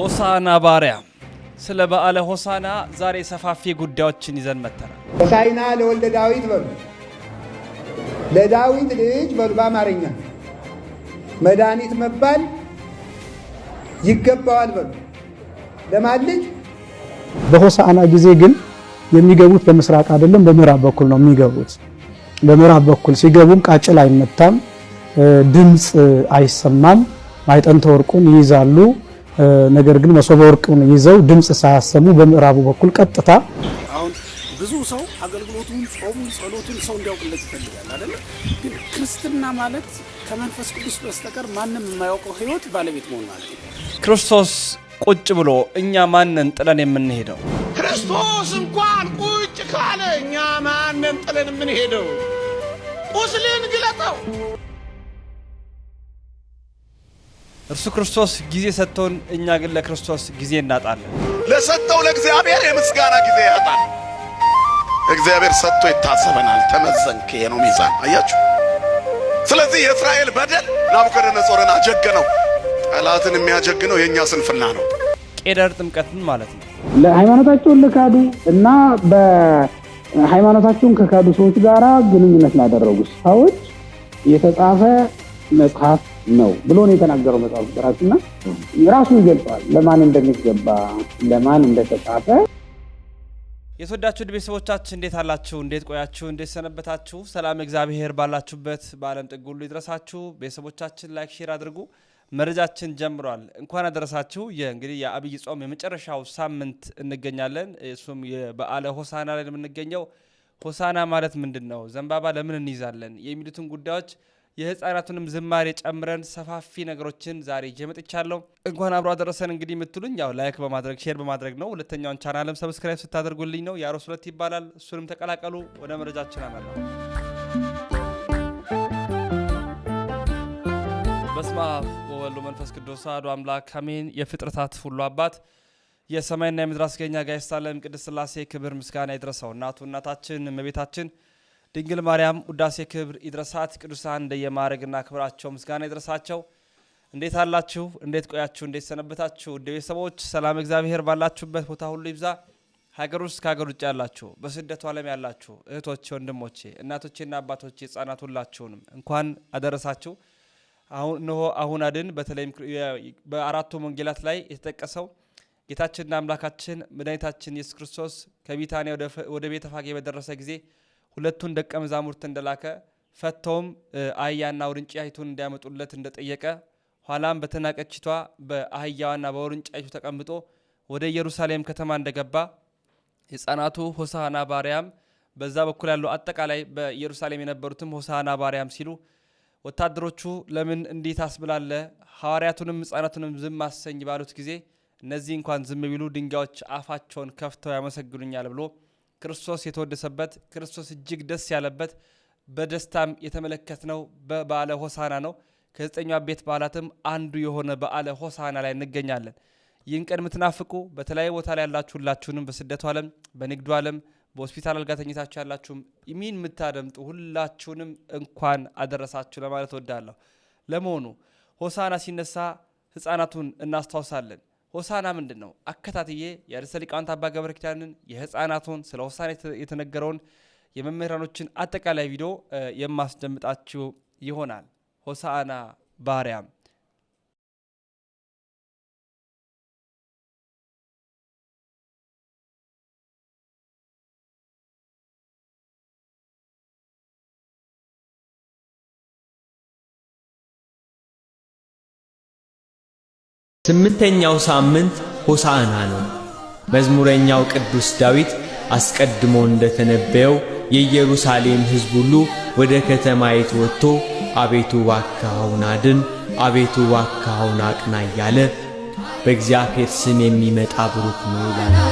ሆሳና ባሪያ ስለ በዓለ ሆሳና ዛሬ ሰፋፊ ጉዳዮችን ይዘን መተናል። ሆሳይና ለወልደ ዳዊት በሉ፣ ለዳዊት ልጅ በሉ። በአማርኛ መድኃኒት መባል ይገባዋል በሉ። ለማን ልጅ? በሆሳና ጊዜ ግን የሚገቡት በምስራቅ አይደለም፣ በምዕራብ በኩል ነው የሚገቡት። በምዕራብ በኩል ሲገቡም ቃጭል አይመታም፣ ድምፅ አይሰማም፣ ማይጠንተ ወርቁን ይይዛሉ። ነገር ግን መሶበ ወርቁን ይዘው ድምፅ ሳያሰሙ በምዕራቡ በኩል ቀጥታ አሁን ብዙ ሰው አገልግሎቱን፣ ጾሙን፣ ጸሎቱን ሰው እንዲያውቅለት ይፈልጋል አይደለ? ግን ክርስትና ማለት ከመንፈስ ቅዱስ በስተቀር ማንም የማያውቀው ህይወት ባለቤት መሆን ማለት ነው። ክርስቶስ ቁጭ ብሎ እኛ ማንን ጥለን የምንሄደው? ክርስቶስ እንኳን ቁጭ ካለ እኛ ማንን ጥለን የምንሄደው? ቁስልን ግለጠው። እርሱ ክርስቶስ ጊዜ ሰጥቶን፣ እኛ ግን ለክርስቶስ ጊዜ እናጣለን። ለሰጠው ለእግዚአብሔር የምስጋና ጊዜ ያጣል። እግዚአብሔር ሰጥቶ ይታሰበናል። ተመዘንክ ነው ሚዛን አያችሁ። ስለዚህ የእስራኤል በደል ናቡከደነጾርን አጀገነው። ጠላትን የሚያጀግነው የእኛ ስንፍና ነው። ቄደር ጥምቀትን ማለት ነው። ለሃይማኖታቸውን ልካዱ እና በሃይማኖታቸውን ከካዱ ሰዎች ጋር ግንኙነት ላደረጉ ሰዎች የተጻፈ መጽሐፍ ነው ብሎ ነው የተናገረው መጽሐፍ ቅዱስ እና ራሱ ይገልጸዋል ለማን እንደሚገባ ለማን እንደተጻፈ። የተወዳችሁ ቤተሰቦቻችን እንዴት አላችሁ? እንዴት ቆያችሁ? እንዴት ሰነበታችሁ? ሰላም እግዚአብሔር ባላችሁበት በዓለም ጥግ ሁሉ ይድረሳችሁ። ቤተሰቦቻችን ላይክ፣ ሼር አድርጉ። መረጃችን ጀምሯል። እንኳን አደረሳችሁ። እንግዲህ የአብይ ጾም የመጨረሻው ሳምንት እንገኛለን። እሱም በዓለ ሆሳና ላይ የምንገኘው ሆሳና ማለት ምንድን ነው? ዘንባባ ለምን እንይዛለን? የሚሉትን ጉዳዮች የህፃናቱንም ዝማሬ ጨምረን ሰፋፊ ነገሮችን ዛሬ ይዤ መጥቻለሁ። እንኳን አብሮ አደረሰን። እንግዲህ የምትሉኝ ያው ላይክ በማድረግ ሼር በማድረግ ነው። ሁለተኛውን ቻናልም ሰብስክራይብ ስታደርጉልኝ ነው። ያሮስ ሁለት ይባላል። እሱንም ተቀላቀሉ። ወደ መረጃችን አመራ። በስመ አብ ወወልድ ወመንፈስ ቅዱስ አሐዱ አምላክ አሜን። የፍጥረታት ሁሉ አባት የሰማይና የምድር አስገኛ ጋይስታለም ቅድስት ስላሴ ክብር ምስጋና ይድረሰው። እናቱ እናታችን እመቤታችን ድንግል ማርያም ውዳሴ ክብር ይድረሳት። ቅዱሳን እንደየማዕረግና ክብራቸው ምስጋና ይድረሳቸው። እንዴት አላችሁ? እንዴት ቆያችሁ? እንዴት ሰነበታችሁ? ውድ ቤተሰቦች ሰላም እግዚአብሔር ባላችሁበት ቦታ ሁሉ ይብዛ። ሀገር ውስጥ ከሀገር ውጭ ያላችሁ፣ በስደቱ ዓለም ያላችሁ እህቶቼ፣ ወንድሞቼ፣ እናቶቼና አባቶቼ፣ ህጻናት ሁላችሁንም እንኳን አደረሳችሁ። አሁን አሁን አድን በተለይም በአራቱም ወንጌላት ላይ የተጠቀሰው ጌታችንና አምላካችን መድኃኒታችን ኢየሱስ ክርስቶስ ከቢታንያ ወደ ቤተፋጌ በደረሰ ጊዜ ሁለቱን ደቀ መዛሙርት እንደላከ ፈተውም አህያና ውርንጫይቱን እንዲያመጡለት እንደጠየቀ ኋላም በተናቀችቷ በአህያዋና በውርንጫይቱ ተቀምጦ ወደ ኢየሩሳሌም ከተማ እንደገባ ሕፃናቱ ሆሳና ባሪያም በዛ በኩል ያለው አጠቃላይ በኢየሩሳሌም የነበሩትም ሆሳና ባሪያም ሲሉ ወታደሮቹ ለምን እንዲህ አስብላለ ሐዋርያቱንም ሕፃናቱንም ዝም አሰኝ ባሉት ጊዜ እነዚህ እንኳን ዝም ቢሉ ድንጋዮች አፋቸውን ከፍተው ያመሰግኑኛል ብሎ ክርስቶስ የተወደሰበት ክርስቶስ እጅግ ደስ ያለበት በደስታም የተመለከትነው በበዓለ ሆሳና ነው። ከዘጠኛዋ ቤት በዓላትም አንዱ የሆነ በዓለ ሆሳና ላይ እንገኛለን። ይህን ቀን የምትናፍቁ በተለያዩ ቦታ ላይ ያላችሁ ሁላችሁንም በስደቱ ዓለም፣ በንግዱ ዓለም፣ በሆስፒታል አልጋ ተኝታችሁ ያላችሁም ሚን የምታደምጡ ሁላችሁንም እንኳን አደረሳችሁ ለማለት ወዳለሁ። ለመሆኑ ሆሳና ሲነሳ ህፃናቱን እናስታውሳለን። ሆሳና ምንድን ነው? አከታትዬ የርዕሰ ሊቃውንት አባ ገብረ ኪዳንን የህፃናቱን ስለ ሆሳና የተነገረውን የመምህራኖችን አጠቃላይ ቪዲዮ የማስደምጣችሁ ይሆናል። ሆሳና ባርያም ስምንተኛው ሳምንት ሆሳዕና ነው። መዝሙረኛው ቅዱስ ዳዊት አስቀድሞ እንደተነበየው የኢየሩሳሌም ሕዝብ ሁሉ ወደ ከተማይት ወጥቶ አቤቱ እባክህን አድን፣ አቤቱ እባክህን አቅና እያለ በእግዚአብሔር ስም የሚመጣ ብሩክ ነው ይላል።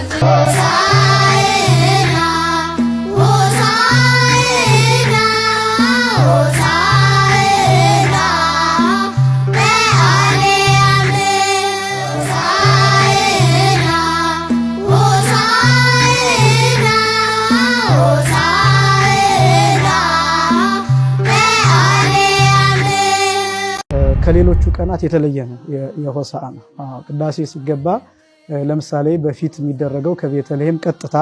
ከሌሎቹ ቀናት የተለየ ነው። የሆሳዕና ቅዳሴ ሲገባ ለምሳሌ በፊት የሚደረገው ከቤተልሔም ቀጥታ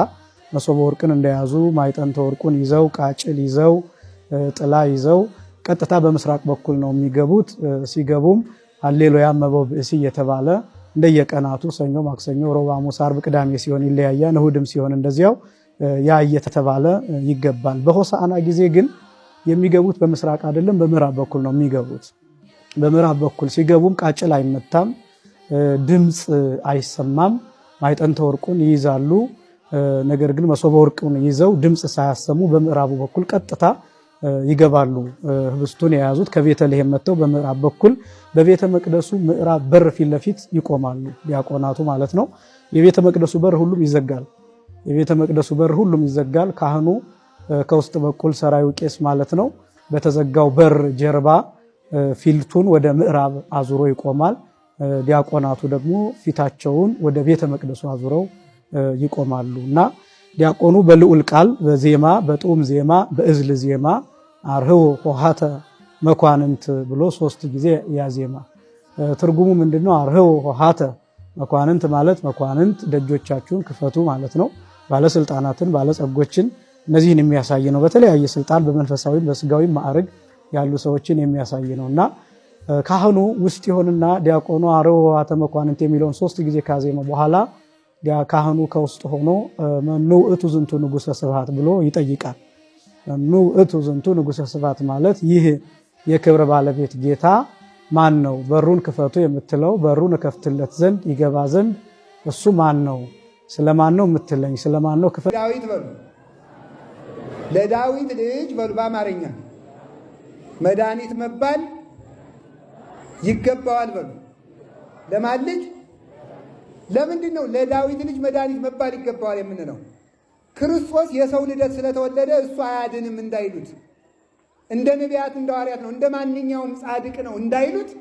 መሶበ ወርቅን እንደያዙ ማዕጠንተ ወርቁን ይዘው ቃጭል ይዘው ጥላ ይዘው ቀጥታ በምስራቅ በኩል ነው የሚገቡት። ሲገቡም አሌሎ መበው ብእሲ እየተባለ እንደየቀናቱ ሰኞ፣ ማክሰኞ፣ ሮብ፣ ሐሙስ፣ ዓርብ፣ ቅዳሜ ሲሆን ይለያያል። እሁድም ሲሆን እንደዚያው ያ እየተባለ ይገባል። በሆሳዕና ጊዜ ግን የሚገቡት በምስራቅ አይደለም፣ በምዕራብ በኩል ነው የሚገቡት። በምዕራብ በኩል ሲገቡም ቃጭል አይመታም፣ ድምፅ አይሰማም። ማይጠንተ ወርቁን ይይዛሉ። ነገር ግን መሶበ ወርቁን ይዘው ድምፅ ሳያሰሙ በምዕራቡ በኩል ቀጥታ ይገባሉ። ህብስቱን የያዙት ከቤተልሔም መጥተው በምዕራብ በኩል በቤተ መቅደሱ ምዕራብ በር ፊት ለፊት ይቆማሉ። ዲያቆናቱ ማለት ነው። የቤተ መቅደሱ በር ሁሉም ይዘጋል። የቤተ መቅደሱ በር ሁሉም ይዘጋል። ካህኑ ከውስጥ በኩል ሰራዩ ቄስ ማለት ነው። በተዘጋው በር ጀርባ ፊልቱን ወደ ምዕራብ አዙሮ ይቆማል። ዲያቆናቱ ደግሞ ፊታቸውን ወደ ቤተ መቅደሱ አዙረው ይቆማሉ እና ዲያቆኑ በልዑል ቃል በዜማ በጡም ዜማ በእዝል ዜማ አርህው ሆሃተ መኳንንት ብሎ ሶስት ጊዜ ያዜማ። ትርጉሙ ምንድነው? አርህው ሆሃተ መኳንንት ማለት መኳንንት ደጆቻችሁን ክፈቱ ማለት ነው። ባለስልጣናትን፣ ባለጸጎችን እነዚህን የሚያሳይ ነው። በተለያየ ስልጣን በመንፈሳዊም በስጋዊም ማዕረግ ያሉ ሰዎችን የሚያሳይ ነው እና ካህኑ ውስጥ ይሆንና ዲያቆኑ አርኅወሃተ መኳንንት የሚለውን ሶስት ጊዜ ካዜመ በኋላ ካህኑ ከውስጥ ሆኖ መኑ ውእቱ ዝንቱ ንጉሠ ስብሐት ብሎ ይጠይቃል። መኑ ውእቱ ዝንቱ ንጉሠ ስብሐት ማለት ይህ የክብር ባለቤት ጌታ ማን ነው? በሩን ክፈቱ የምትለው በሩን እከፍትለት ዘንድ ይገባ ዘንድ እሱ ማን ነው? ስለማን ነው የምትለኝ? ስለማን ነው ክፈት ዳዊት በሉ ለዳዊት ልጅ በሉ በአማርኛ መድኃኒት መባል ይገባዋል። በሉ ለማን ልጅ? ለምንድን ነው ለዳዊት ልጅ መድኃኒት መባል ይገባዋል የምንለው? ክርስቶስ የሰው ልደት ስለተወለደ እሱ አያድንም እንዳይሉት፣ እንደ ነቢያት እንደ ሐዋርያት ነው፣ እንደ ማንኛውም ጻድቅ ነው እንዳይሉት፣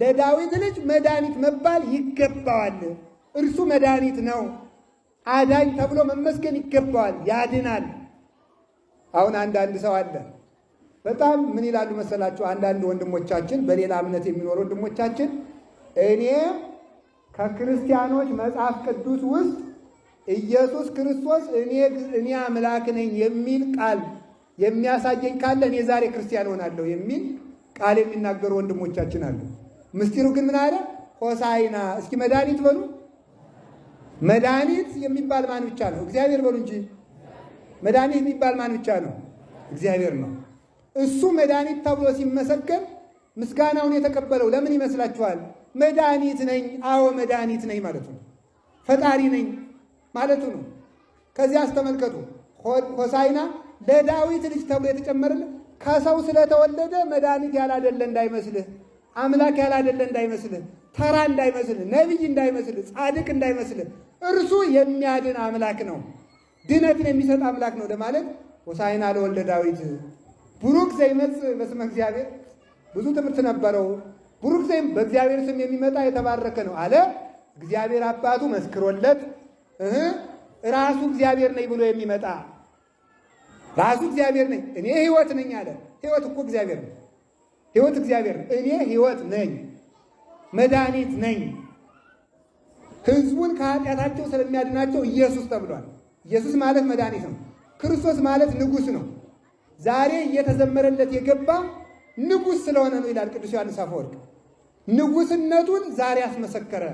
ለዳዊት ልጅ መድኃኒት መባል ይገባዋል። እርሱ መድኃኒት ነው፣ አዳኝ ተብሎ መመስገን ይገባዋል፣ ያድናል። አሁን አንዳንድ ሰው አለ በጣም ምን ይላሉ መሰላችሁ? አንዳንድ ወንድሞቻችን፣ በሌላ እምነት የሚኖሩ ወንድሞቻችን እኔ ከክርስቲያኖች መጽሐፍ ቅዱስ ውስጥ ኢየሱስ ክርስቶስ እኔ አምላክ ነኝ የሚል ቃል የሚያሳየኝ ካለ እኔ ዛሬ ክርስቲያን ሆናለሁ የሚል ቃል የሚናገሩ ወንድሞቻችን አሉ። ምስጢሩ ግን ምን አለ? ሆሳይና። እስኪ መድኃኒት በሉ። መድኃኒት የሚባል ማን ብቻ ነው? እግዚአብሔር በሉ እንጂ መድኃኒት የሚባል ማን ብቻ ነው? እግዚአብሔር ነው። እሱ መድኃኒት ተብሎ ሲመሰገን ምስጋናውን የተቀበለው ለምን ይመስላችኋል? መድኃኒት ነኝ፣ አዎ መድኃኒት ነኝ ማለቱ ነው። ፈጣሪ ነኝ ማለቱ ነው። ከዚህ አስተመልከቱ። ሆሳይና ለዳዊት ልጅ ተብሎ የተጨመረልህ ከሰው ስለተወለደ መድኃኒት ያላደለ እንዳይመስልህ፣ አምላክ ያላደለ እንዳይመስልህ፣ ተራ እንዳይመስልህ፣ ነቢይ እንዳይመስልህ፣ ጻድቅ እንዳይመስልህ፣ እርሱ የሚያድን አምላክ ነው፣ ድነትን የሚሰጥ አምላክ ነው ለማለት ሆሳይና ለወልደ ዳዊት ቡሩክ ዘይመጽ በስመ እግዚአብሔር ብዙ ትምህርት ነበረው። ቡሩክ ዘይም በእግዚአብሔር ስም የሚመጣ የተባረከ ነው አለ። እግዚአብሔር አባቱ መስክሮለት እህ ራሱ እግዚአብሔር ነኝ ብሎ የሚመጣ ራሱ እግዚአብሔር ነኝ እኔ ህይወት ነኝ አለ። ህይወት እኮ እግዚአብሔር ነው። ህይወት እግዚአብሔር ነው። እኔ ህይወት ነኝ፣ መድኃኒት ነኝ። ህዝቡን ከኃጢአታቸው ስለሚያድናቸው ኢየሱስ ተብሏል። ኢየሱስ ማለት መድኃኒት ነው። ክርስቶስ ማለት ንጉሥ ነው። ዛሬ እየተዘመረለት የገባ ንጉሥ ስለሆነ ነው ይላል ቅዱስ ዮሐንስ አፈወርቅ። ንጉሥነቱን ዛሬ አስመሰከረ።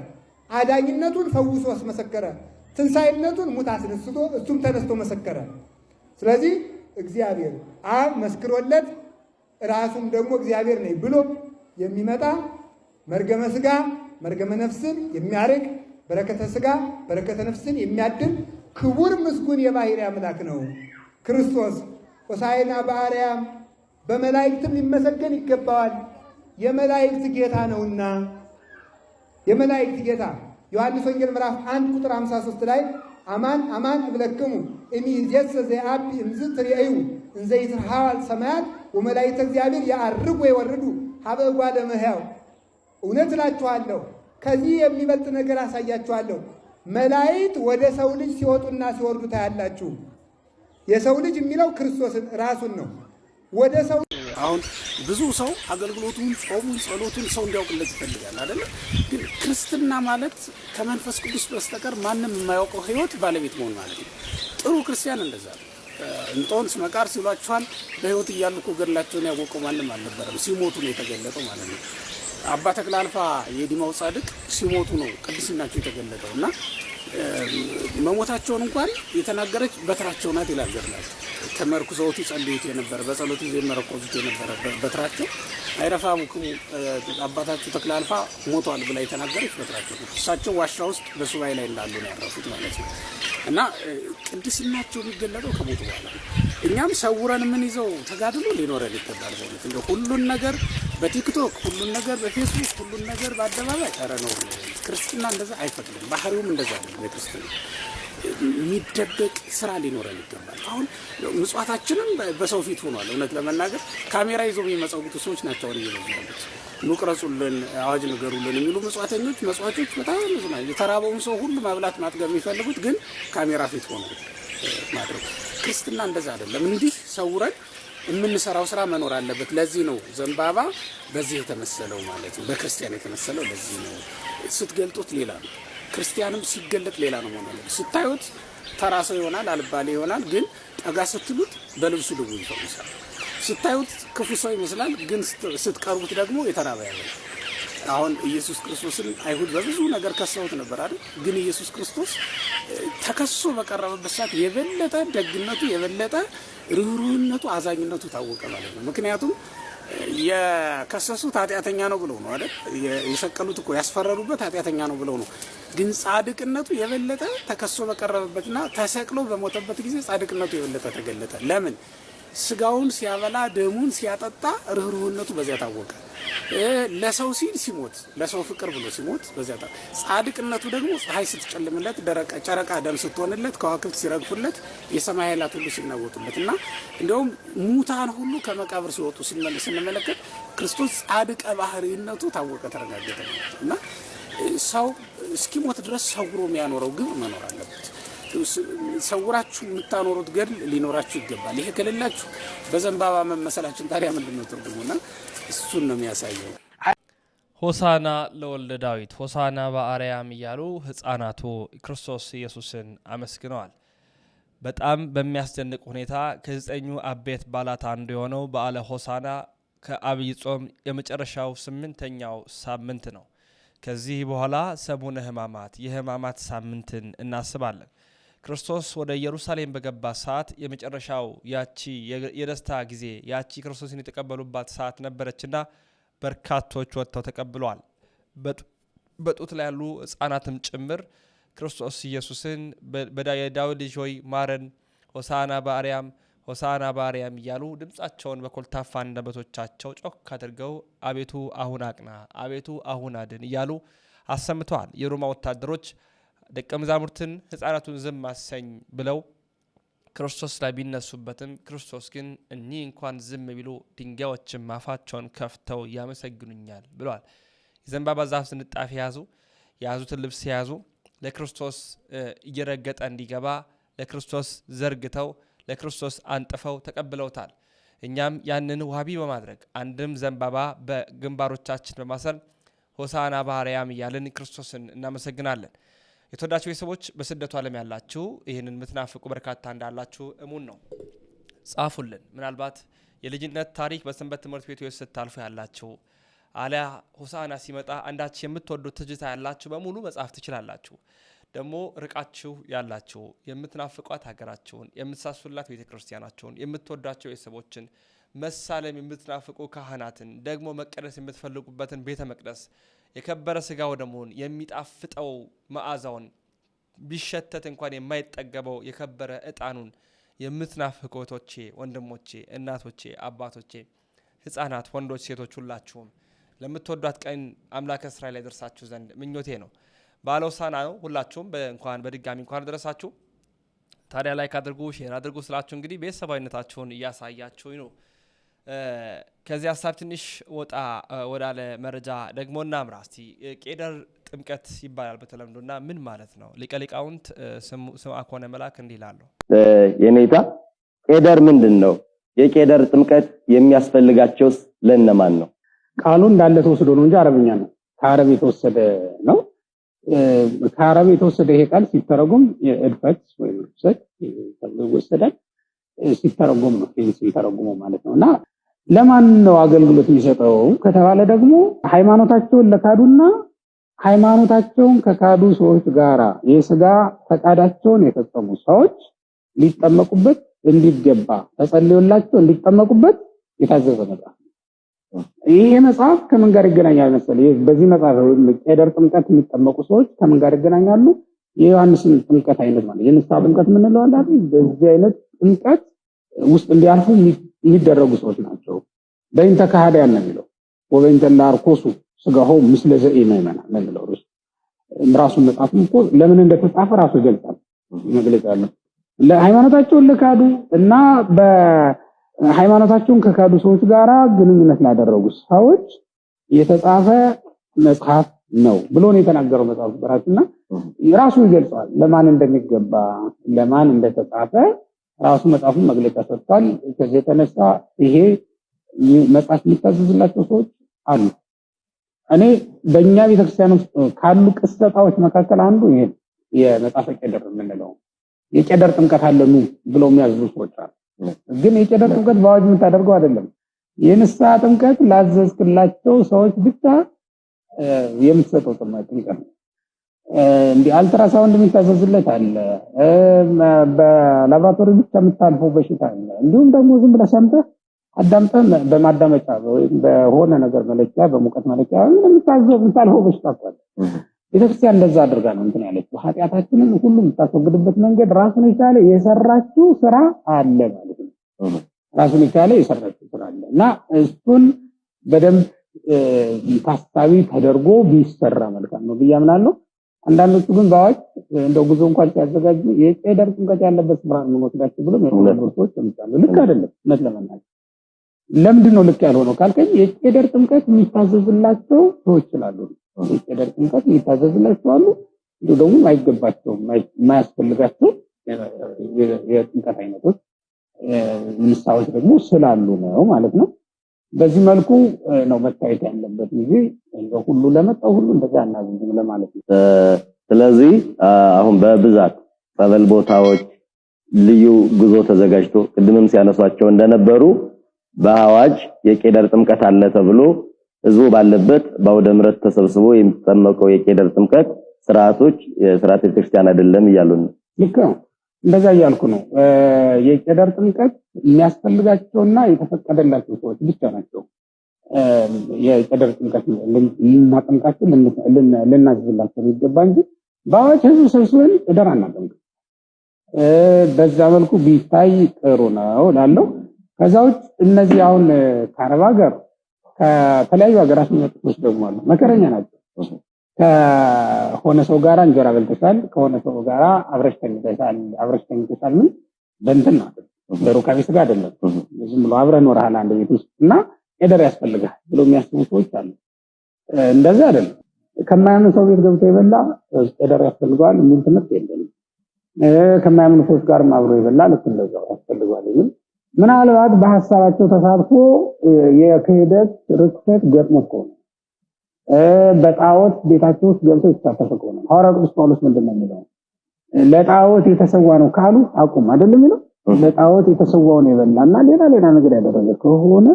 አዳኝነቱን ፈውሶ አስመሰከረ። ትንሣኤነቱን ሙት አስነስቶ እሱም ተነስቶ መሰከረ። ስለዚህ እግዚአብሔር አብ መስክሮለት ራሱም ደግሞ እግዚአብሔር ነኝ ብሎ የሚመጣ መርገመ ሥጋ መርገመ ነፍስን የሚያርቅ በረከተ ሥጋ በረከተ ነፍስን የሚያድል ክቡር ምስጉን የባሕርይ አምላክ ነው ክርስቶስ ሆሳዕና በአርያም በመላእክትም ሊመሰገን ይገባዋል፣ የመላእክት ጌታ ነውና። የመላእክት ጌታ ዮሐንስ ወንጌል ምዕራፍ 1 ቁጥር 53 ላይ አማን አማን እብለክሙ እምይእዜሰ እምዝ እምዝትርእዩ እንዘ ይትርኃወ ሰማያት ወመላእክተ እግዚአብሔር ያዕርጉ ይወርዱ ሀበ እጓለ እመሕያው። እውነት እላችኋለሁ ከዚህ የሚበልጥ ነገር አሳያችኋለሁ፣ መላእክት ወደ ሰው ልጅ ሲወጡና ሲወርዱ ታያላችሁ። የሰው ልጅ የሚለው ክርስቶስን ራሱን ነው። ወደ ሰው አሁን ብዙ ሰው አገልግሎቱን፣ ጾሙን፣ ጸሎቱን ሰው እንዲያውቅለት ይፈልጋል አይደለ? ግን ክርስትና ማለት ከመንፈስ ቅዱስ በስተቀር ማንም የማያውቀው ህይወት ባለቤት መሆን ማለት ነው። ጥሩ ክርስቲያን እንደዛ ነው። እንጦንስ መቃር ሲሏቸዋል። በህይወት እያሉ እኮ ገድላቸውን ያወቀው ማንም አልነበረም። ሲሞቱ ነው የተገለጠው ማለት ነው። አባ ተክለ አልፋ የዲማው ጻድቅ ሲሞቱ ነው ቅድስናቸው የተገለጠው እና መሞታቸውን እንኳን የተናገረች በትራቸው ናት ይላል ገድላቸው። ተመርኩዘውቱ ጸልዩት የነበረ በጸሎት ጊዜ መረኮዙት የነበረ በትራቸው አይረፋ አይረፋብክሙ አባታቸው ተክለ አልፋ ሞቷል ብላ የተናገረች በትራቸው ነው። እሳቸው ዋሻ ውስጥ በሱባኤ ላይ እንዳሉ ነው ያረፉት ማለት ነው። እና ቅድስናቸው የሚገለጠው ከሞቱ በኋላ እኛም ሰውረን ምን ይዘው ተጋድሎ ሊኖረን ይገባል። ሁሉን ነገር በቲክቶክ ሁሉን ነገር በፌስቡክ ሁሉን ነገር በአደባባይ ኧረ ነው። ክርስትና እንደዛ አይፈቅድም። ባህሪውም እንደዛ ነው። የሚደበቅ ስራ ሊኖረን ይገባል። አሁን ምጽዋታችንም በሰው ፊት ሆኗል። እውነት ለመናገር ካሜራ ይዞ የሚመጸውቱ ሰዎች ናቸው አሁን እየበዙ አዋጅ ነገሩልን የሚሉ መጽዋተኞች መጽዋቾች በጣም ብዙ ናቸው። የተራበውን ሰው ሁሉ መብላት ማጥገብ የሚፈልጉት ግን ካሜራ ፊት ሆኖ ማድረግ ክርስትና እንደዛ አይደለም። እንዲህ ሰውረን የምንሰራው ስራ መኖር አለበት። ለዚህ ነው ዘንባባ በዚህ የተመሰለው ማለት ነው። በክርስቲያን የተመሰለው ለዚህ ነው። ስትገልጡት ሌላ ነው፣ ክርስቲያንም ሲገለጥ ሌላ ነው መሆን ስታዩት ተራ ሰው ይሆናል፣ አልባሌ ይሆናል። ግን ጠጋ ስትሉት በልብሱ ልቡ ይፈውሳል። ስታዩት ክፉ ሰው ይመስላል፣ ግን ስትቀርቡት ደግሞ የተራበ ያለ አሁን ኢየሱስ ክርስቶስን አይሁድ በብዙ ነገር ከሰውት ነበር አይደል? ግን ኢየሱስ ክርስቶስ ተከሶ በቀረበበት ሰዓት የበለጠ ደግነቱ የበለጠ ርኅሩህነቱ፣ አዛኝነቱ ታወቀ ማለት ነው። ምክንያቱም የከሰሱት ኃጢአተኛ ነው ብለው ነው አይደል? የሰቀሉት እኮ ያስፈረሩበት ኃጢአተኛ ነው ብለው ነው። ግን ጻድቅነቱ የበለጠ ተከሶ በቀረበበትና ተሰቅሎ በሞተበት ጊዜ ጻድቅነቱ የበለጠ ተገለጠ። ለምን? ስጋውን ሲያበላ ደሙን ሲያጠጣ ርኅሩህነቱ በዚያ ታወቀ። ለሰው ሲል ሲሞት ለሰው ፍቅር ብሎ ሲሞት በዚያ ታ ጻድቅነቱ ደግሞ ፀሐይ ስትጨልምለት፣ ጨረቃ ደም ስትሆንለት፣ ከዋክብት ሲረግፉለት፣ የሰማይ ኃይላት ሁሉ ሲናወጡለት እና እንዲሁም ሙታን ሁሉ ከመቃብር ሲወጡ ስንመለከት ክርስቶስ ጻድቀ ባህሪነቱ ታወቀ፣ ተረጋገጠ እና ሰው እስኪሞት ድረስ ሰውሮ የሚያኖረው ግብር መኖር አለበት። ሰውራችሁ የምታኖሩት ገድል ሊኖራችሁ ይገባል። ይሄ ከሌላችሁ በዘንባባ መመሰላችን ታዲያ ምንድን ነው ትርጉሙና? እሱን ነው የሚያሳየው። ሆሳና ለወልደ ዳዊት ሆሳና በአርያም እያሉ ህፃናቱ ክርስቶስ ኢየሱስን አመስግነዋል። በጣም በሚያስደንቅ ሁኔታ ከዘጠኙ አበይት በዓላት አንዱ የሆነው በዓለ ሆሳና ከአብይ ጾም የመጨረሻው ስምንተኛው ሳምንት ነው። ከዚህ በኋላ ሰሙነ ህማማት የህማማት ሳምንትን እናስባለን። ክርስቶስ ወደ ኢየሩሳሌም በገባ ሰዓት የመጨረሻው ያቺ የደስታ ጊዜ ያቺ ክርስቶስን የተቀበሉባት ሰዓት ነበረችና በርካቶች ወጥተው ተቀብለዋል። በጡት ላይ ያሉ ሕፃናትም ጭምር ክርስቶስ ኢየሱስን የዳዊት ልጅ ሆይ ማረን፣ ሆሳና በአርያም ሆሳና በአርያም እያሉ ድምፃቸውን በኮልታፋ አንደበቶቻቸው ጮክ አድርገው አቤቱ አሁን አቅና፣ አቤቱ አሁን አድን እያሉ አሰምተዋል። የሮማ ወታደሮች ደቀ መዛሙርትን ህፃናቱን ዝም አሰኝ ብለው ክርስቶስ ላይ ቢነሱበትም ክርስቶስ ግን እኒህ እንኳን ዝም ቢሉ ድንጋዮችም አፋቸውን ከፍተው ያመሰግኑኛል ብለዋል። የዘንባባ ዛፍ ስንጣፊ የያዙ የያዙትን ልብስ የያዙ ለክርስቶስ እየረገጠ እንዲገባ ለክርስቶስ ዘርግተው ለክርስቶስ አንጥፈው ተቀብለውታል። እኛም ያንን ዋቢ በማድረግ አንድም ዘንባባ በግንባሮቻችን በማሰር ሆሳና ባህርያም እያልን ክርስቶስን እናመሰግናለን። የተወዳችሁ ቤተሰቦች በስደቱ ዓለም ያላችሁ ይህንን የምትናፍቁ በርካታ እንዳላችሁ እሙን ነው። ጻፉልን። ምናልባት የልጅነት ታሪክ በሰንበት ትምህርት ቤት ውስጥ ስታልፉ ያላችሁ አሊያ ሆሳና ሲመጣ አንዳች የምትወዱት ትዝታ ያላችሁ በሙሉ መጻፍ ትችላላችሁ። ደግሞ ርቃችሁ ያላችሁ የምትናፍቋት ሀገራችሁን፣ የምትሳሱላት ቤተ ክርስቲያናችሁን፣ የምትወዷቸው ቤተሰቦችን፣ መሳለም የምትናፍቁ ካህናትን፣ ደግሞ መቀደስ የምትፈልጉበትን ቤተ መቅደስ የከበረ ስጋው ወደ የሚጣፍጠው መዓዛውን ቢሸተት እንኳን የማይጠገበው የከበረ እጣኑን የምትናፍቁ እህቶቼ፣ ወንድሞቼ፣ እናቶቼ፣ አባቶቼ፣ ህጻናት፣ ወንዶች፣ ሴቶች ሁላችሁም ለምትወዷት ቀን አምላከ እስራኤል ላይ ደርሳችሁ ዘንድ ምኞቴ ነው። ባለውሳና ነው። ሁላችሁም እንኳን በድጋሚ እንኳን ደረሳችሁ። ታዲያ ላይክ አድርጉ፣ ሼር አድርጉ ስላችሁ እንግዲህ ቤተሰባዊነታችሁን እያሳያችሁ ነው። ከዚህ ሀሳብ ትንሽ ወጣ ወዳለ መረጃ ደግሞ እናምራ እስቲ። ቄደር ጥምቀት ይባላል በተለምዶ እና ምን ማለት ነው? ሊቀ ሊቃውንት ስምዐ ኮነ መልአክ እንዲህ ይላሉ። የኔታ ቄደር ምንድን ነው? የቄደር ጥምቀት የሚያስፈልጋቸውስ ለነማን ነው? ቃሉ እንዳለ ተወስዶ ነው እንጂ አረብኛ ነው፣ ከአረብ የተወሰደ ነው። ከአረብ የተወሰደ ይሄ ቃል ሲተረጉም እድፈት ወይም ሰት ይወሰዳል። ሲተረጉም ነው ሲተረጉሙ ማለት ነው እና ለማን ነው አገልግሎት የሚሰጠው ከተባለ ደግሞ ሃይማኖታቸውን ለካዱና ሃይማኖታቸውን ከካዱ ሰዎች ጋራ የስጋ ፈቃዳቸውን የፈጸሙ ሰዎች ሊጠመቁበት እንዲገባ ተጸልዮላቸው እንዲጠመቁበት የታዘዘ መጽሐፍ ይሄ መጽሐፍ ከምን ጋር ይገናኛል መሰለ? በዚህ መጽሐፍ ቄደር ጥምቀት የሚጠመቁ ሰዎች ከምን ጋር ይገናኛሉ? የዮሐንስን ጥምቀት አይነት ማለት የንስሐ ጥምቀት የምንለው በዚህ አይነት ጥምቀት ውስጥ እንዲያልፉ የሚደረጉ ሰዎች ናቸው። በይን ተካሃዲያን ነው የሚለው ወበይን ተላርኮሱ ስጋሆ ምስለ ዘኢመመና ነው የሚለው ርሱ ራሱን መጽሐፍም እኮ ለምን እንደተጻፈ ራሱ ይገልጻል። መግለጫ አለ። ለሃይማኖታቸውን ለካዱ እና በሃይማኖታቸውን ከካዱ ሰዎች ጋር ግንኙነት ላደረጉ ሰዎች የተጻፈ መጽሐፍ ነው ብሎ ነው የተናገረው። መጽሐፍ በራሱና ራሱ ይገልጻል ለማን እንደሚገባ ለማን እንደተጻፈ ራሱ መጽሐፉን መግለጫ ሰጥቷል። ከዚህ የተነሳ ይሄ መጽሐፍ የሚታዘዝላቸው ሰዎች አሉ። እኔ በእኛ ቤተክርስቲያን ውስጥ ካሉ ቅስጠታዎች መካከል አንዱ ይሄ የመጽሐፈ ቄደር የምንለው የቄደር ጥምቀት አለኑ ብለው የሚያዝዙ ሰዎች አሉ። ግን የቄደር ጥምቀት በአዋጅ የምታደርገው አይደለም። የንስሐ ጥምቀት ላዘዝክላቸው ሰዎች ብቻ የምትሰጠው ጥምቀት ነው። እንዲህ አልትራሳውንድ የሚታዘዝለት አለ። በላብራቶሪ ብቻ የምታልፈው በሽታ አለ። እንዲሁም ደግሞ ዝም ብለህ ሰምተህ አዳምጠን በማዳመጫ ወይም በሆነ ነገር መለኪያ በሙቀት መለኪያ የምታዘብ የምታልፈው በሽታ እኮ አለ። ቤተክርስቲያን እንደዛ አድርጋ ነው እንትን ያለችው። ኃጢአታችንን ሁሉ የምታስወግድበት መንገድ ራሱን የቻለ የሰራችው ስራ አለ ማለት ነው። ራሱን የቻለ የሰራችው ስራ አለ እና እሱን በደንብ ታሳቢ ተደርጎ ቢሰራ መልካም ነው ብዬ አምናለሁ። አንዳንዶቹ ግን በአዋጅ እንደ ጉዞ እንኳን ሲያዘጋጁ የቄደር ጭንቀት ያለበት ስፍራ ነው የምንወስዳቸው ብሎ ርሶች ምሳሉ ልክ አይደለም እውነት ለመናገር ለምንድን ነው ልክ ያልሆነው ካልከኝ የቄደር ጥምቀት የሚታዘዝላቸው ሰዎች ይችላሉ። የቄደር ጥምቀት የሚታዘዝላቸው አሉ፣ እንዲሁ ደግሞ አይገባቸውም፣ የማያስፈልጋቸው የጥምቀት አይነቶች ምንሳዎች ደግሞ ስላሉ ነው ማለት ነው። በዚህ መልኩ ነው መታየት ያለበት እንጂ ሁሉ ለመጣው ሁሉ እንደዛ አናዝም ለማለት ነው። ስለዚህ አሁን በብዛት ጸበል ቦታዎች ልዩ ጉዞ ተዘጋጅቶ ቅድምም ሲያነሷቸው እንደነበሩ በአዋጅ የቄደር ጥምቀት አለ ተብሎ ህዝቡ ባለበት በአውደ ምረት ተሰብስቦ የሚጠመቀው የቄደር ጥምቀት ስርዓቶች ስርዓት ቤተክርስቲያን አይደለም እያሉ ነው። ልክ ነው። እንደዛ እያልኩ ነው። የቄደር ጥምቀት የሚያስፈልጋቸውና የተፈቀደላቸው ሰዎች ብቻ ናቸው። የቄደር ጥምቀት ልናጠምቃቸው ልናዝብላቸው ይገባ እንጂ በአዋጅ ህዝብ ሰብስበን ቄደር አናጠምቅም። በዛ መልኩ ቢታይ ጥሩ ነው ላለው ከዛ ውጭ እነዚህ አሁን ከአረብ ሀገር ከተለያዩ ሀገራት የሚመጡት ደግሞ አሉ። መከረኛ ናቸው። ከሆነ ሰው ጋራ እንጀራ በልተሻል፣ ከሆነ ሰው ጋራ አብረሽ ተኝተሻል። አብረሽ ተኝተሻል ምን በእንትን ነው በሩካቤ ስጋ አይደለም። ዝም ብሎ አብረህ ኖረሃል አንድ ቤት ውስጥ እና ኤደር ያስፈልጋል ብሎ የሚያስቡ ሰዎች አሉ። እንደዚህ አይደለም። ከማያምኑ ሰው ቤት ገብቶ የበላ ኤደር ያስፈልገዋል የሚል ትምህርት የለም። ከማያምኑ ሰዎች ጋርም አብሮ የበላ ልክ እንደዛው ያስፈልገዋል የሚል ምናልባት በሀሳባቸው ተሳትፎ የክህደት ርክሰት ገጥሞት ከሆነ በጣዖት ቤታቸው ውስጥ ገብቶ የተሳተፈ ከሆነ ሐዋርያ ቅዱስ ጳውሎስ ምንድን ነው የሚለው? ለጣዖት የተሰዋ ነው ካሉ አቁም አይደለም የሚለው። ለጣዖት የተሰዋውን የበላና ሌላ ሌላ ነገር ያደረገ ከሆነ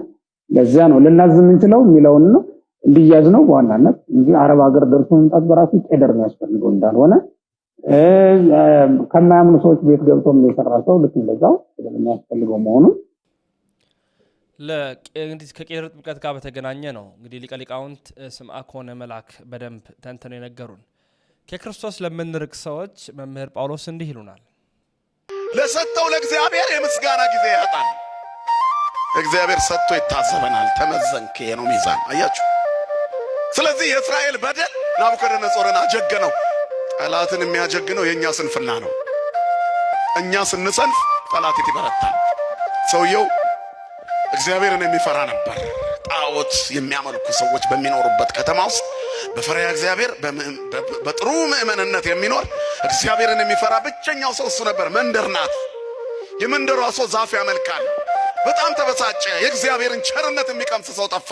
ለዛ ነው ልናዝ የምንችለው የሚለውን ነው እንዲያዝ ነው በዋናነት እንጂ አረብ ሀገር ደርሶ መምጣት በራሱ ቄደር የሚያስፈልገው እንዳልሆነ ከማያምኑ ሰዎች ቤት ገብቶ የሰራ ሰው ልክ እንደዛው የሚያስፈልገው መሆኑን ከቄር ጥምቀት ጋር በተገናኘ ነው እንግዲህ ሊቀ ሊቃውንት ስምዐ ኮነ መልአክ በደንብ ተንትነው የነገሩን። ከክርስቶስ ለምንርቅ ሰዎች መምህር ጳውሎስ እንዲህ ይሉናል። ለሰጠው ለእግዚአብሔር የምስጋና ጊዜ ያጣል። እግዚአብሔር ሰጥቶ ይታዘበናል። ተመዘንክ ነው ሚዛን አያችሁ። ስለዚህ የእስራኤል በደል ናቡከደነጾርን አጀገነው። ጠላትን የሚያጀግነው የእኛ ስንፍና ነው። እኛ ስንሰንፍ ጠላት ይበረታል። ሰውየው እግዚአብሔርን የሚፈራ ነበር። ጣዖት የሚያመልኩ ሰዎች በሚኖሩበት ከተማ ውስጥ በፈሪያ እግዚአብሔር በጥሩ ምእመንነት የሚኖር እግዚአብሔርን የሚፈራ ብቸኛው ሰው እሱ ነበር። መንደር ናት። የመንደሯ ሰው ዛፍ ያመልካል። በጣም ተበሳጨ። የእግዚአብሔርን ቸርነት የሚቀምስ ሰው ጠፋ።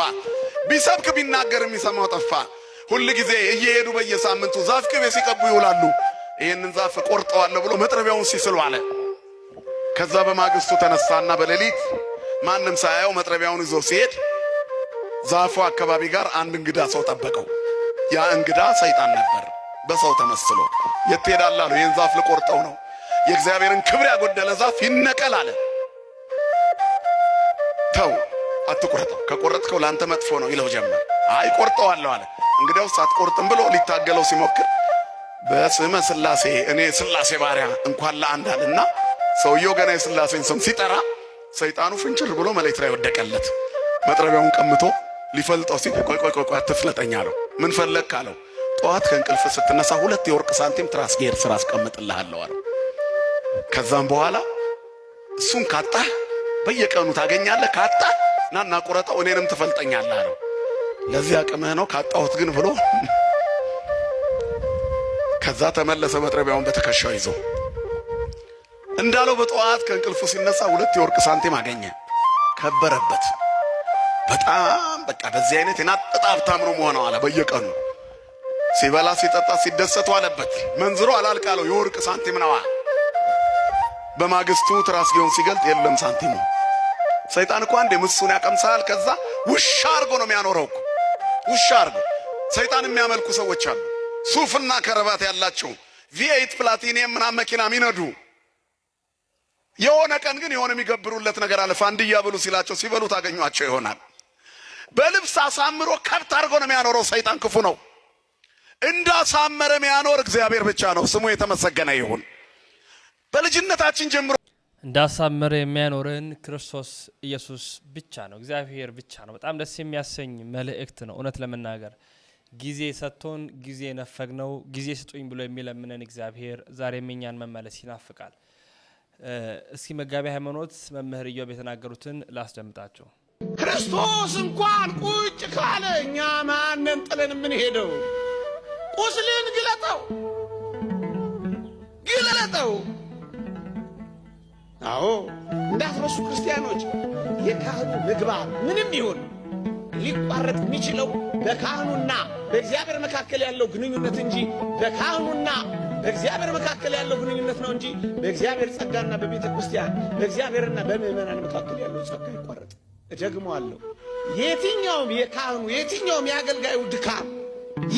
ቢሰብክ ቢናገር የሚሰማው ጠፋ። ሁል ጊዜ እየሄዱ በየሳምንቱ ዛፍ ቅቤ ሲቀቡ ይውላሉ። ይህንን ዛፍ ቆርጠዋለሁ ብሎ መጥረቢያውን ሲስሉ አለ። ከዛ በማግስቱ ተነሳና በሌሊት ማንም ሳያየው መጥረቢያውን ይዞ ሲሄድ ዛፉ አካባቢ ጋር አንድ እንግዳ ሰው ጠበቀው። ያ እንግዳ ሰይጣን ነበር፣ በሰው ተመስሎ። የት ትሄዳለህ አለው። ይህን ዛፍ ልቆርጠው ነው፣ የእግዚአብሔርን ክብር ያጎደለ ዛፍ ይነቀል አለ። ተው፣ አትቁረጠው፣ ከቆረጥከው ለአንተ መጥፎ ነው ይለው ጀመር። አይ ቆርጠዋለሁ አለ። እንግዲያውስ አትቆርጥም ብሎ ሊታገለው ሲሞክር በስመ ስላሴ እኔ ስላሴ ባሪያ እንኳን ለአንድ አለና ሰውየው ገና የስላሴን ስም ሲጠራ ሰይጣኑ ፍንችር ብሎ መሬት ላይ ወደቀለት። መጥረቢያውን ቀምቶ ሊፈልጠው ሲል ቆይ ቆይ ቆይ አትፍለጠኝ አለው። ምን ፈለግክ አለው። ጠዋት ከእንቅልፍ ስትነሳ ሁለት የወርቅ ሳንቲም ትራስጌር ስራ አስቀምጥልሃለሁ አለው። ከዛም በኋላ እሱን ካጣህ በየቀኑ ታገኛለህ፣ ካጣህ ናና ቁረጠው እኔንም ትፈልጠኛለህ አለው። ለዚህ አቅምህ ነው ካጣሁት ግን ብሎ ከዛ ተመለሰ። መጥረቢያውን በትከሻው ይዞ እንዳለው በጠዋት ከእንቅልፉ ሲነሳ ሁለት የወርቅ ሳንቲም አገኘ። ከበረበት በጣም በቃ በዚህ አይነት የናጠጣ ሀብታም ነው መሆነው አለ። በየቀኑ ሲበላ ሲጠጣ ሲደሰቱ አለበት። መንዝሮ አላልቃለው የወርቅ ሳንቲም ነዋ። በማግስቱ ትራስጌውን ሲገልጥ የለም ሳንቲሙ። ሰይጣን እኮ አንድ ምሱን ያቀምሳል፣ ከዛ ውሻ አድርጎ ነው የሚያኖረው እኮ ውሻ አርጎ ሰይጣን የሚያመልኩ ሰዎች አሉ። ሱፍና ከረባት ያላቸው ቪኤት ፕላቲኒየም ምናምን መኪና የሚነዱ የሆነ ቀን ግን የሆነ የሚገብሩለት ነገር አለ። ፋንድያ ብሉ ሲላቸው ሲበሉ ታገኟቸው ይሆናል። በልብስ አሳምሮ ከብት አድርጎ ነው የሚያኖረው። ሰይጣን ክፉ ነው። እንዳሳመረ የሚያኖር እግዚአብሔር ብቻ ነው። ስሙ የተመሰገነ ይሁን። በልጅነታችን ጀምሮ እንዳሳመረ የሚያኖረን ክርስቶስ ኢየሱስ ብቻ ነው፣ እግዚአብሔር ብቻ ነው። በጣም ደስ የሚያሰኝ መልእክት ነው። እውነት ለመናገር ጊዜ ሰጥቶን ጊዜ ነፈግነው። ጊዜ ስጡኝ ብሎ የሚለምነን እግዚአብሔር ዛሬም እኛን መመለስ ይናፍቃል። እስኪ መጋቢ ሃይማኖት መምህር ኢዮብ የተናገሩትን ላስደምጣቸው። ክርስቶስ እንኳን ቁጭ ካለ እኛ ማንን ጥለን የምንሄደው? ቁስልን ግለጠው ግለጠው አዎ እንዳትረሱ ክርስቲያኖች፣ የካህኑ ምግባር ምንም ይሁን ሊቋረጥ የሚችለው በካህኑና በእግዚአብሔር መካከል ያለው ግንኙነት እንጂ በካህኑና በእግዚአብሔር መካከል ያለው ግንኙነት ነው እንጂ በእግዚአብሔር ጸጋና በቤተ ክርስቲያን በእግዚአብሔርና በምእመናን መካከል ያለው ጸጋ ይቋረጥ። እደግመዋለሁ፣ የትኛውም የካህኑ የትኛውም የአገልጋዩ ድካም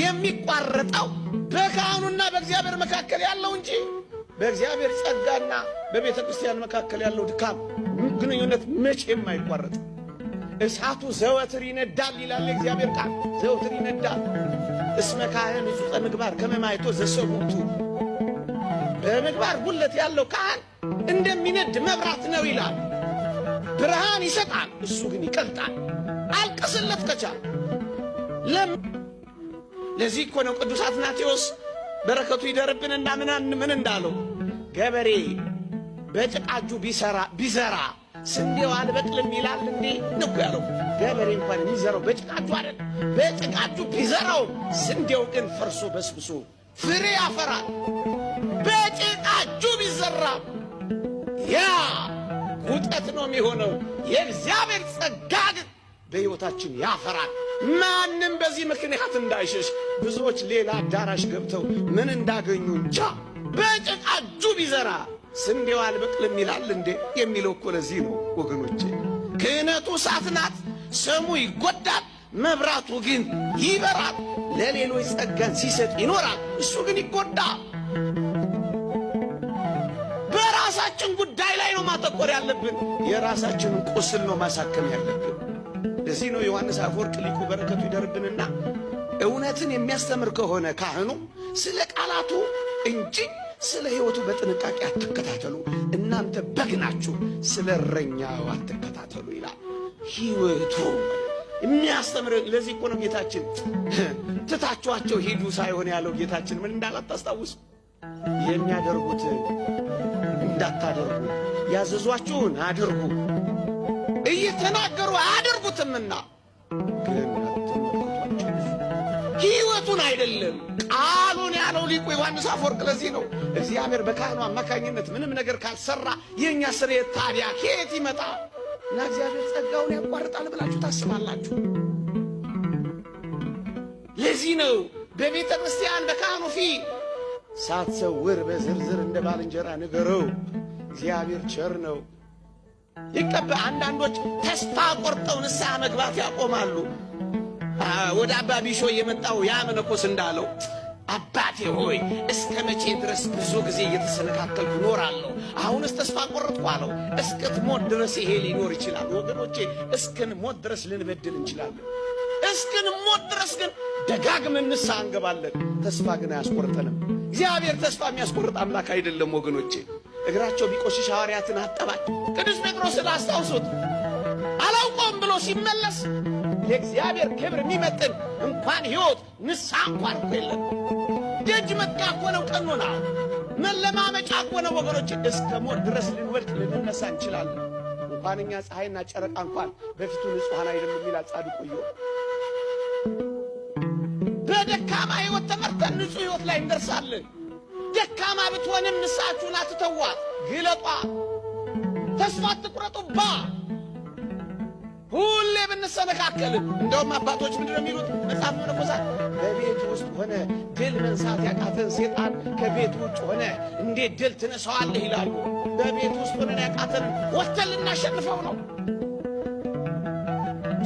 የሚቋረጠው በካህኑና በእግዚአብሔር መካከል ያለው እንጂ በእግዚአብሔር ጸጋና በቤተ ክርስቲያን መካከል ያለው ድካም ግንኙነት መቼ የማይቋረጥ እሳቱ ዘወትር ይነዳል ይላል እግዚአብሔር ቃል። ዘወትር ይነዳል። እስመ ካህን ዕጹ ምግባር ከመማይቶ ዘሰሙቱ። በምግባር ጉለት ያለው ካህን እንደሚነድ መብራት ነው ይላል። ብርሃን ይሰጣል፣ እሱ ግን ይቀልጣል። አልቅስለት ከቻል ለም ለዚህ እኮ ነው ቅዱስ አትናቴዎስ በረከቱ ይደርብንና ምናን ምን እንዳለው ገበሬ በጭቃጁ ቢሰራ ቢዘራ ስንዴው አልበቅልም ይላል እንዴ ንኩ ያለው ገበሬ እንኳን የሚዘራው በጭቃ አይደል። በጭቃጁ ቢዘራው ስንዴው ግን ፈርሶ በስብሶ ፍሬ ያፈራል። በጭቃጁ ቢዘራ ያ ውጠት ነው የሚሆነው የእግዚአብሔር ጸጋግ በሕይወታችን ያፈራል። ማንም በዚህ ምክንያት እንዳይሸሽ። ብዙዎች ሌላ አዳራሽ ገብተው ምን እንዳገኙ እንጃ። በጭቃ እጁ ቢዘራ ስንዴው አልበቅልም ይላል እንዴ? የሚለው እኮ ለዚህ ነው ወገኖቼ። ክህነቱ እሳት ናት፣ ሰሙ ይጎዳል፣ መብራቱ ግን ይበራል። ለሌሎች ጸጋን ሲሰጥ ይኖራል፣ እሱ ግን ይጎዳ። በራሳችን ጉዳይ ላይ ነው ማተኮር ያለብን። የራሳችንን ቁስል ነው ማሳከም ያለብን። ለዚህ ነው ዮሐንስ አፈወርቅ ሊቁ በረከቱ ይደርብንና እውነትን የሚያስተምር ከሆነ ካህኑ ስለ ቃላቱ እንጂ ስለ ሕይወቱ በጥንቃቄ አትከታተሉ፣ እናንተ በግ ናችሁ፣ ስለ እረኛው አትከታተሉ ይላል። ሕይወቱ የሚያስተምር ለዚህ እኮ ነው ጌታችን ትታችኋቸው ሂዱ ሳይሆን ያለው። ጌታችን ምን እንዳላት ታስታውሱ? የሚያደርጉት እንዳታደርጉ ያዘዟችሁን አድርጉ እየተናገሩ አያደርጉትምና ግን ሕይወቱን አይደለም ቃሉን ያለው ሊቁ ዮሐንስ አፈወርቅ ለዚህ ነው እግዚአብሔር በካህኑ አማካኝነት ምንም ነገር ካልሰራ የእኛ ስርየት ታዲያ ከየት ይመጣ እና እግዚአብሔር ጸጋውን ያቋርጣል ብላችሁ ታስባላችሁ? ለዚህ ነው በቤተ ክርስቲያን በካህኑ ፊት ሳትሰውር በዝርዝር እንደ ባልንጀራ ንገረው። እግዚአብሔር ቸር ነው። ይቀበ አንዳንዶች ተስፋ ቆርጠው ንስሐ መግባት ያቆማሉ። ወደ አባ ቢሾ የመጣው ያ መነኮስ እንዳለው አባቴ ሆይ እስከ መቼ ድረስ ብዙ ጊዜ እየተሰነካከልኩ እኖራለሁ? አሁንስ ተስፋ ቆረጥኩ አለው። እስክትሞት ድረስ ይሄ ሊኖር ይችላል ወገኖቼ። ሞት ድረስ ልንበድል እንችላለን። እስክን ሞት ድረስ ግን ደጋግመን ንስሐ እንገባለን። ተስፋ ግን አያስቆርጠንም። እግዚአብሔር ተስፋ የሚያስቆርጥ አምላክ አይደለም ወገኖቼ። እግራቸው ቢቆሽሽ ሐዋርያትን አጠባቸው። ቅዱስ ጴጥሮስን አስታውሱት። አላውቀውም ብሎ ሲመለስ የእግዚአብሔር ክብር የሚመጥን እንኳን ሕይወት ንስሐ እንኳን የለም። ደጅ መጥቃ እኮ ነው ቀኖና መለማመጫ እኮ ነው ወገኖች። እስከ ሞት ድረስ ልንወድቅ ልንነሳ እንችላለን። እንኳን እኛ ፀሐይና ጨረቃ እንኳን በፊቱ ንጹሐን አይደለም የሚል ጻድቁ ኢዮብ። በደካማ ሕይወት ተመርተን ንጹሕ ሕይወት ላይ እንደርሳለን። ደካማ ብትሆንም ንስሐችሁን አትተዋት፣ ግለጧ፣ ተስፋ አትቁረጡባ። ሁሌ ብንሰነካከል እንደውም አባቶች ምንድነው የሚሉት መጽሐፍ መነኮሳት በቤት ውስጥ ሆነ ድል መንሳት ያቃተን ሴጣን ከቤት ውጭ ሆነ እንዴት ድል ትነሳዋለህ ይላሉ። በቤት ውስጥ ሆነን ያቃተን ወጥተን ልናሸንፈው ነው።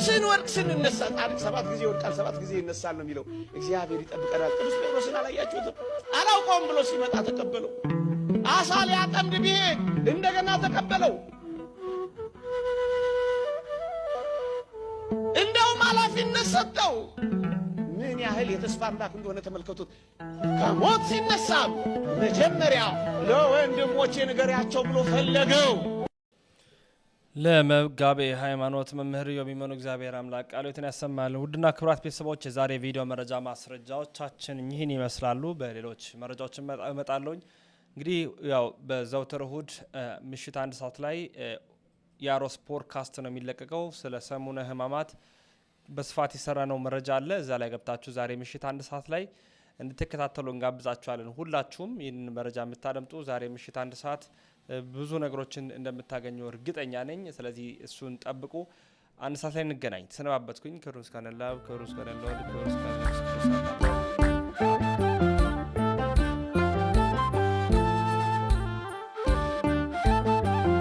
ስንወርቅ ስንነሳ ጻድቅ ሰባት ጊዜ ይወድቃል፣ ሰባት ጊዜ ይነሳል ነው የሚለው። እግዚአብሔር ይጠብቀናል። ቅዱስ ጴጥሮስን አላያችሁትም? አላውቀውም ብሎ ሲመጣ ተቀበለው። አሳ ሊያጠምድ ቢሄድ እንደገና ተቀበለው። እንደውም ኃላፊነት ሰጠው። ምን ያህል የተስፋ አምላክ እንደሆነ ተመልከቱት። ከሞት ሲነሳም መጀመሪያ ለወንድሞቼ ንገሪያቸው ብሎ ፈለገው። ለመጋቤ ሃይማኖት መምህር የሚመኑ እግዚአብሔር አምላክ ቃሎትን ያሰማል። ውድና ክብራት ቤተሰቦች የዛሬ ቪዲዮ መረጃ ማስረጃዎቻችን ይህን ይመስላሉ። በሌሎች መረጃዎችን እመጣለሁ። እንግዲህ ያው በዘወትር እሁድ ምሽት አንድ ሰዓት ላይ የአሮስ ፖድካስት ነው የሚለቀቀው። ስለ ሰሙነ ሕማማት በስፋት የሰራ ነው መረጃ አለ። እዛ ላይ ገብታችሁ ዛሬ ምሽት አንድ ሰዓት ላይ እንድትከታተሉ እንጋብዛችኋለን። ሁላችሁም ይህንን መረጃ የምታደምጡ ዛሬ ምሽት አንድ ሰዓት ብዙ ነገሮችን እንደምታገኙ እርግጠኛ ነኝ። ስለዚህ እሱን ጠብቁ። አንድ ሰዓት ላይ እንገናኝ። ተሰነባበትኩኝ። ክብሩ ምስጋና ክብሩ ክብር ክብሩ ለወልድ፣